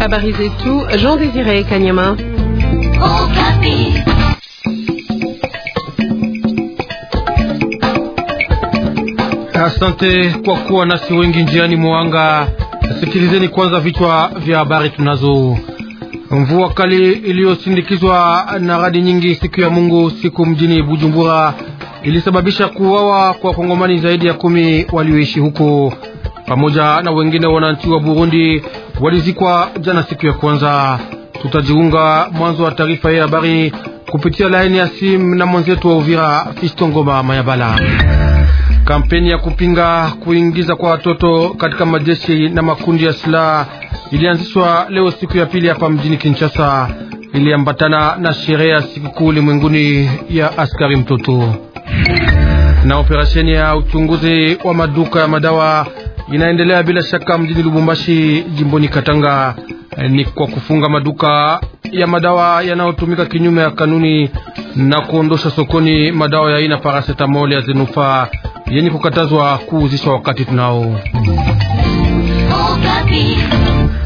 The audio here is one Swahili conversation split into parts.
Habari zetu Jean Désiré Kanyama. Asante kwa kuwa nasi wengi njiani mwanga. Sikilizeni kwanza vichwa vya habari tunazo. Mvua kali iliyosindikizwa na radi nyingi siku ya Mungu siku mjini Bujumbura ilisababisha kuuawa kwa Kongomani zaidi ya kumi walioishi huko pamoja na wengine wananchi wa Burundi walizikwa jana siku ya kwanza. Tutajiunga mwanzo wa taarifa hii habari kupitia laini ya simu na mwenzetu wa Uvira Fiston Ngoma Mayabala. Kampeni ya kupinga kuingiza kwa watoto katika majeshi na makundi ya silaha ilianzishwa leo siku ya pili hapa mjini Kinshasa, iliambatana na sherehe ya sikukuu ulimwenguni ya askari mtoto na operesheni ya uchunguzi wa maduka ya madawa inaendelea bila shaka mjini Lubumbashi, jimboni Katanga, eh, ni kwa kufunga maduka ya madawa yanayotumika kinyume ya kanuni na kuondosha sokoni madawa ya aina paracetamol ya zenufa yenye kukatazwa kuuzishwa wakati tunao.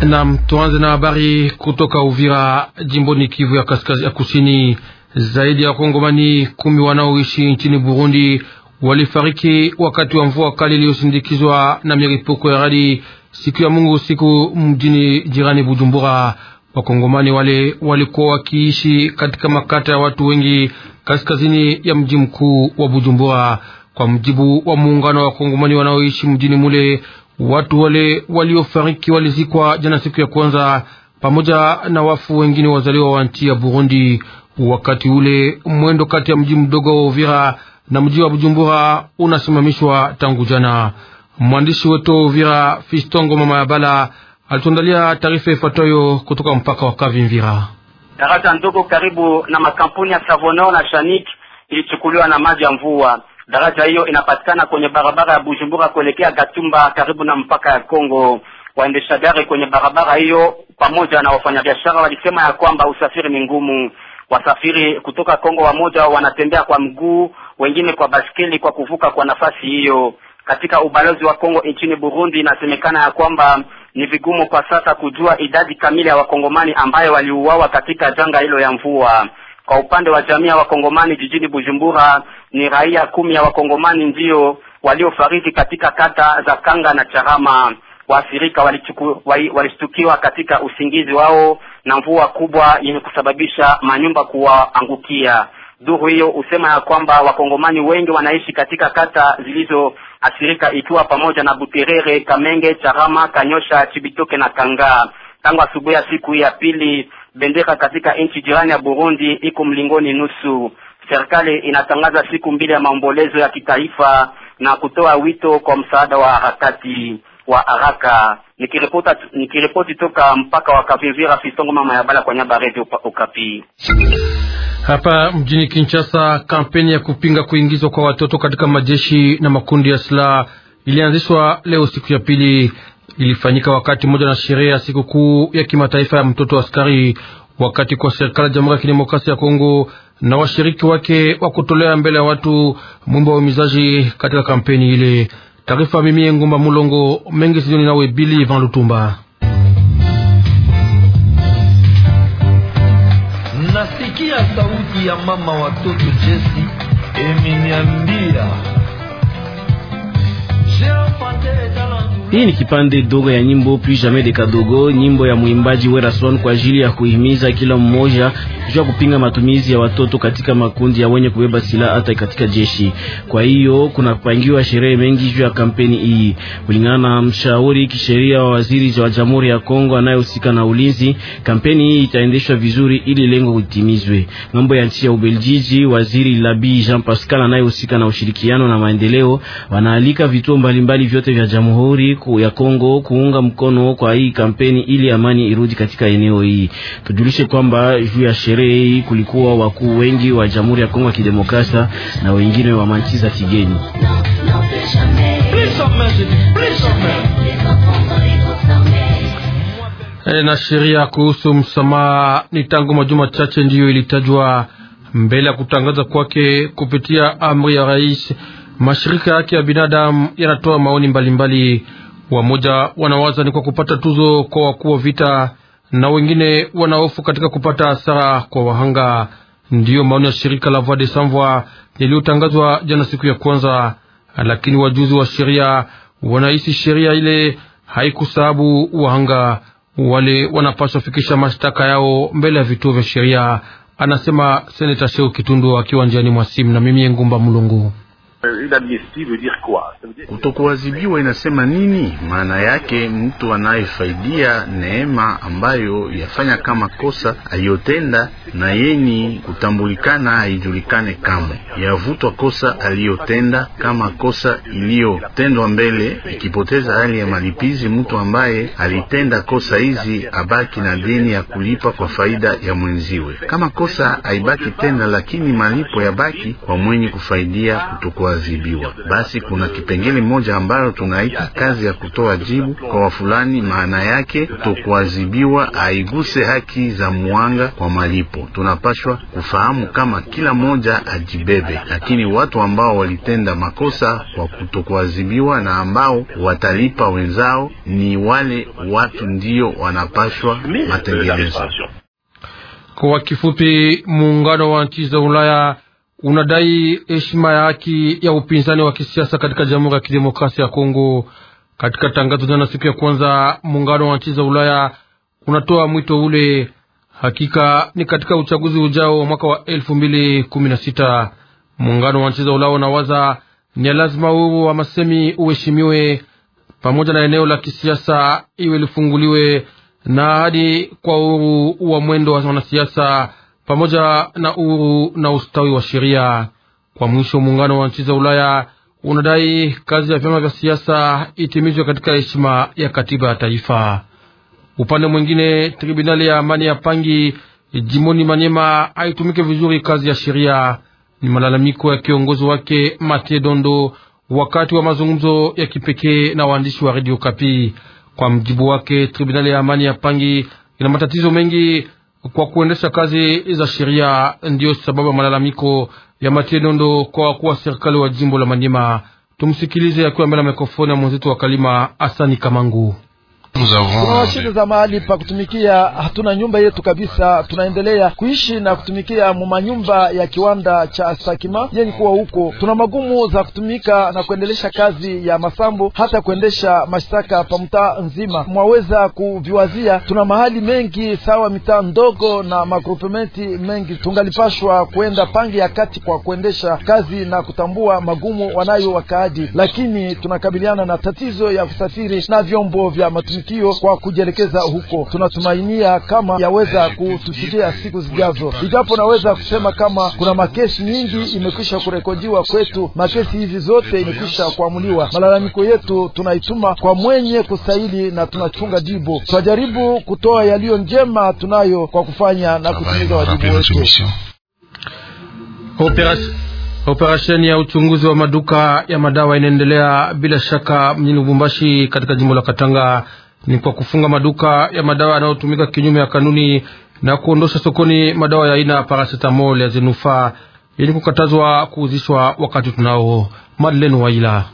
Nam, tuanze na habari kutoka Uvira, jimboni Kivu ya kaskazini ya kusini. Zaidi ya wakongomani kumi wanaoishi nchini Burundi walifariki wakati wa mvua kali iliyosindikizwa na miripuko ya radi siku ya Mungu usiku mjini jirani Bujumbura. Wakongomani wale walikuwa wakiishi katika makata ya watu wengi kaskazini ya mji mkuu wa Bujumbura. Kwa mjibu wa muungano wa Wakongomani wanaoishi mjini mule, watu wale waliofariki walizikwa jana siku ya kwanza pamoja na wafu wengine wazaliwa wa nchi ya Burundi. Wakati ule mwendo kati ya mji mdogo wa Uvira na mji wa Bujumbura unasimamishwa tangu jana. Mwandishi wetu Uvira Fistongo mama ya Bala alituandalia taarifa ifuatayo kutoka mpaka wa Kavimvira. Daraja ndogo karibu na makampuni ya Savonor na Shanik ilichukuliwa na maji ya mvua. Daraja hiyo inapatikana kwenye barabara ya Bujumbura kuelekea Gatumba karibu na mpaka ya Kongo. Waendesha gari kwenye barabara hiyo pamoja na wafanyabiashara walisema ya kwamba usafiri ni ngumu. Wasafiri kutoka Kongo wamoja wanatembea kwa mguu wengine kwa baskeli kwa kuvuka kwa nafasi hiyo. Katika ubalozi wa Kongo nchini Burundi, inasemekana ya kwamba ni vigumu kwa sasa kujua idadi kamili ya wakongomani ambayo waliuawa katika janga hilo ya mvua. Kwa upande wa jamii ya wakongomani jijini Bujumbura, ni raia kumi ya wakongomani ndio waliofariki katika kata za Kanga na Charama. Waathirika walishtukiwa wali katika usingizi wao na mvua kubwa yenye kusababisha manyumba kuwaangukia. Duru hiyo husema ya kwamba wakongomani wengi wanaishi katika kata zilizoathirika ikiwa pamoja na Buterere, Kamenge, Charama, Kanyosha, Chibitoke na Kangaa. Tangu asubuhi ya siku ya pili, bendera katika nchi jirani ya Burundi iko mlingoni nusu. Serikali inatangaza siku mbili ya maombolezo ya kitaifa na kutoa wito kwa msaada wa harakati wa haraka. Nikiripota nikiripoti toka mpaka wa Kavivira, Fistongo mama ya bala kwa nyaba, Radio Okapi. Hapa mjini Kinshasa, kampeni ya kupinga kuingizwa kwa watoto katika majeshi na makundi ya silaha ilianzishwa leo siku ya pili. Ilifanyika wakati mmoja na sherehe ya sikukuu ya kimataifa ya mtoto askari, wakati kwa serikali ya Jamhuri ya Kidemokrasia ya Kongo na washiriki wake wa kutolea mbele ya watu mwimbo wa umizaji katika kampeni ile. Taarifa mimi Ngumba Mulongo mengi sijoni nawe Bili Van Lutumba. niliposikia sauti ya mama watoto Jesi imeniambia hii ni kipande dogo ya nyimbo Plus Jamais de Kadogo, nyimbo ya mwimbaji Wera kwa ajili ya kuhimiza kila mmoja kujua kupinga matumizi ya watoto katika makundi ya wenye kubeba silaha hata katika jeshi. Kwa hiyo kuna kupangiwa sherehe mengi juu ya kampeni hii. Kulingana na mshauri kisheria wa waziri wa Jamhuri ya Kongo anayehusika na ulinzi, kampeni hii itaendeshwa vizuri ili lengo litimizwe. Ng'ambo ya nchi ya Ubelgiji, waziri Labi Jean Pascal anayehusika na ushirikiano na maendeleo wanaalika vituo mbalimbali vikundi vyote vya Jamhuri ya Kongo kuunga mkono kwa hii kampeni ili amani irudi katika eneo hii. Tujulishe kwamba juu ya sherehe hii kulikuwa wakuu wengi wa Jamhuri ya Kongo ya Kidemokrasia na wengine wa manchi za kigeni. Eh, na sheria kuhusu msamaha ni tangu majuma chache ndiyo ilitajwa mbele ya kutangaza kwake kupitia amri ya rais Mashirika yake ya binadamu yanatoa maoni mbalimbali. Wamoja wanawaza ni kwa kupata tuzo kwa wakuu wa vita, na wengine wanahofu katika kupata hasara kwa wahanga. Ndiyo maoni ya shirika la Voix des Sans Voix jana siku ya kwanza, lakini wajuzi wa sheria wanahisi sheria ile haikusababu wahanga wale wanapaswa fikisha mashtaka yao mbele ya vituo vya sheria, anasema seneta Sheu Kitundu akiwa njiani mwa simu na mimi Ngumba Mulungu. Eh, Kutokuadhibiwa inasema nini? Maana yake mtu anayefaidia neema ambayo yafanya kama kosa aliyotenda na yeni kutambulikana haijulikane kamwe, yavutwa kosa aliyotenda kama kosa iliyotendwa mbele, ikipoteza hali ya malipizi. Mtu ambaye alitenda kosa hizi abaki na deni ya kulipa kwa faida ya mwenziwe. Kama kosa haibaki tena, lakini malipo yabaki kwa mwenye kufaidia kutokuadhibiwa kujibiwa. Basi kuna kipengele moja ambayo tunaita kazi ya kutoa jibu kwa wafulani, maana yake kutokuadhibiwa haiguse haki za mwanga kwa malipo. Tunapashwa kufahamu kama kila moja ajibebe, lakini watu ambao walitenda makosa kwa kutokuadhibiwa na ambao watalipa wenzao ni wale watu ndio wanapashwa matengenezo. Kwa kifupi, muungano wa nchi za Ulaya unadai heshima ya haki ya upinzani wa kisiasa katika Jamhuri ya Kidemokrasia ya Kongo. Katika tangazo jana siku ya kwanza, muungano wa nchi za Ulaya unatoa mwito ule. Hakika ni katika uchaguzi ujao wa mwaka wa elfu mbili kumi na sita muungano wa nchi za Ulaya unawaza ni lazima uhuru wa masemi uheshimiwe, pamoja na eneo la kisiasa iwe lifunguliwe na ahadi kwa uhuru wa mwendo wa wanasiasa pamoja na uhuru na ustawi wa sheria. Kwa mwisho, muungano wa nchi za Ulaya unadai kazi ya vyama vya siasa itimizwe katika heshima ya katiba ya taifa. Upande mwingine, tribunali ya amani ya Pangi jimboni Manyema haitumike vizuri kazi ya sheria. Ni malalamiko ya kiongozi wake Matie Dondo wakati wa mazungumzo ya kipekee na waandishi wa redio Kapi. Kwa mjibu wake, tribunali ya amani ya Pangi ina matatizo mengi kwa kuendesha kazi za sheria, ndiyo sababu ya malalamiko ya Matie Nondo kwa wa serikali wa jimbo la Manyema. Tumsikilize akiwa mbele ya mikrofoni ya mwenzetu wa Kalima, Asani Kamangu. Tunashida za mahali pa kutumikia, hatuna nyumba yetu kabisa. Tunaendelea kuishi na kutumikia mumanyumba ya kiwanda cha Sakima yenye kuwa huko. Tuna magumu za kutumika na kuendelesha kazi ya masambo, hata kuendesha mashtaka pa mtaa nzima. Mwaweza kuviwazia, tuna mahali mengi sawa mitaa ndogo na magrupementi mengi, tungalipashwa kuenda pangi ya kati kwa kuendesha kazi na kutambua magumu wanayo wakaaji, lakini tunakabiliana na tatizo ya kusafiri na vyombo vya matumizi mwitikio kwa kujielekeza huko. Tunatumainia kama yaweza kutufikia siku zijazo, ijapo naweza kusema kama kuna makesi nyingi imekwisha kurekodiwa kwetu. Makesi hizi zote imekwisha kuamuliwa. Malalamiko yetu tunaituma kwa mwenye kustahili na tunachunga jibu. Tunajaribu kutoa yaliyo njema tunayo kwa kufanya na kutumiza wajibu wetu. Operasheni ya uchunguzi wa maduka ya madawa inaendelea bila shaka mjini Lubumbashi katika jimbo la Katanga ni kwa kufunga maduka ya madawa yanayotumika kinyume ya kanuni na kuondosha sokoni madawa ya aina ya paracetamol ya zenufaa yenye kukatazwa kuuzishwa wakati tunao Madeleine Waila.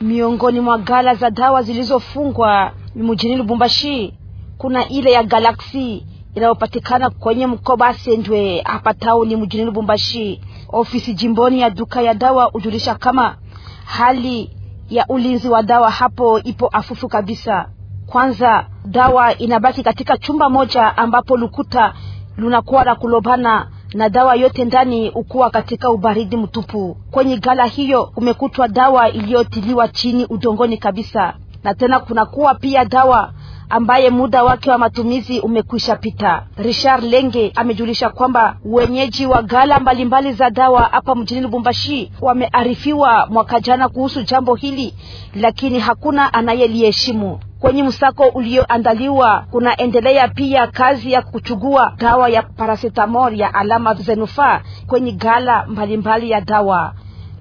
Miongoni mwa gala za dawa zilizofungwa ni mjini Lubumbashi, kuna ile ya Galaxy inayopatikana kwenye mkoba Sendwe hapa tauni mjini Lubumbashi. Ofisi jimboni ya duka ya dawa hujulisha kama hali ya ulinzi wa dawa hapo ipo afufu kabisa. Kwanza, dawa inabaki katika chumba moja ambapo lukuta lunakuwa la kulobana na dawa yote ndani ukuwa katika ubaridi mtupu. Kwenye gala hiyo kumekutwa dawa iliyotiliwa chini udongoni kabisa, na tena kunakuwa pia dawa ambaye muda wake wa matumizi umekwisha pita. Richard Lenge amejulisha kwamba wenyeji wa gala mbalimbali mbali za dawa hapa mjini Lubumbashi wamearifiwa mwaka jana kuhusu jambo hili, lakini hakuna anayeliheshimu kwenye msako ulioandaliwa. Kunaendelea pia kazi ya kuchugua dawa ya paracetamol ya alama zenufaa kwenye gala mbalimbali mbali ya dawa.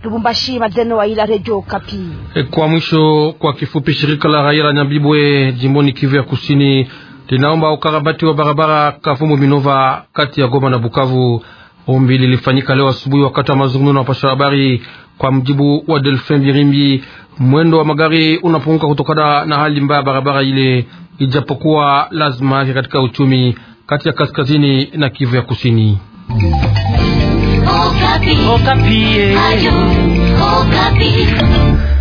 lubumbashi e, Kwa mwisho, kwa kifupi, shirika la raia la Nyambibwe jimboni Kivu ya Kusini linaomba ukarabati wa barabara Kavumu Minova kati ya Goma na Bukavu. Ombi lilifanyika leo asubuhi wakati wa mazungumzo na wapasha habari, kwa mjibu wa Delfin Birimbi Mwendo wa magari unapunguka kutokana na hali mbaya barabara ile, ijapokuwa lazima yake katika uchumi kati ya kaskazini na Kivu ya kusini. Okapi. Okapi.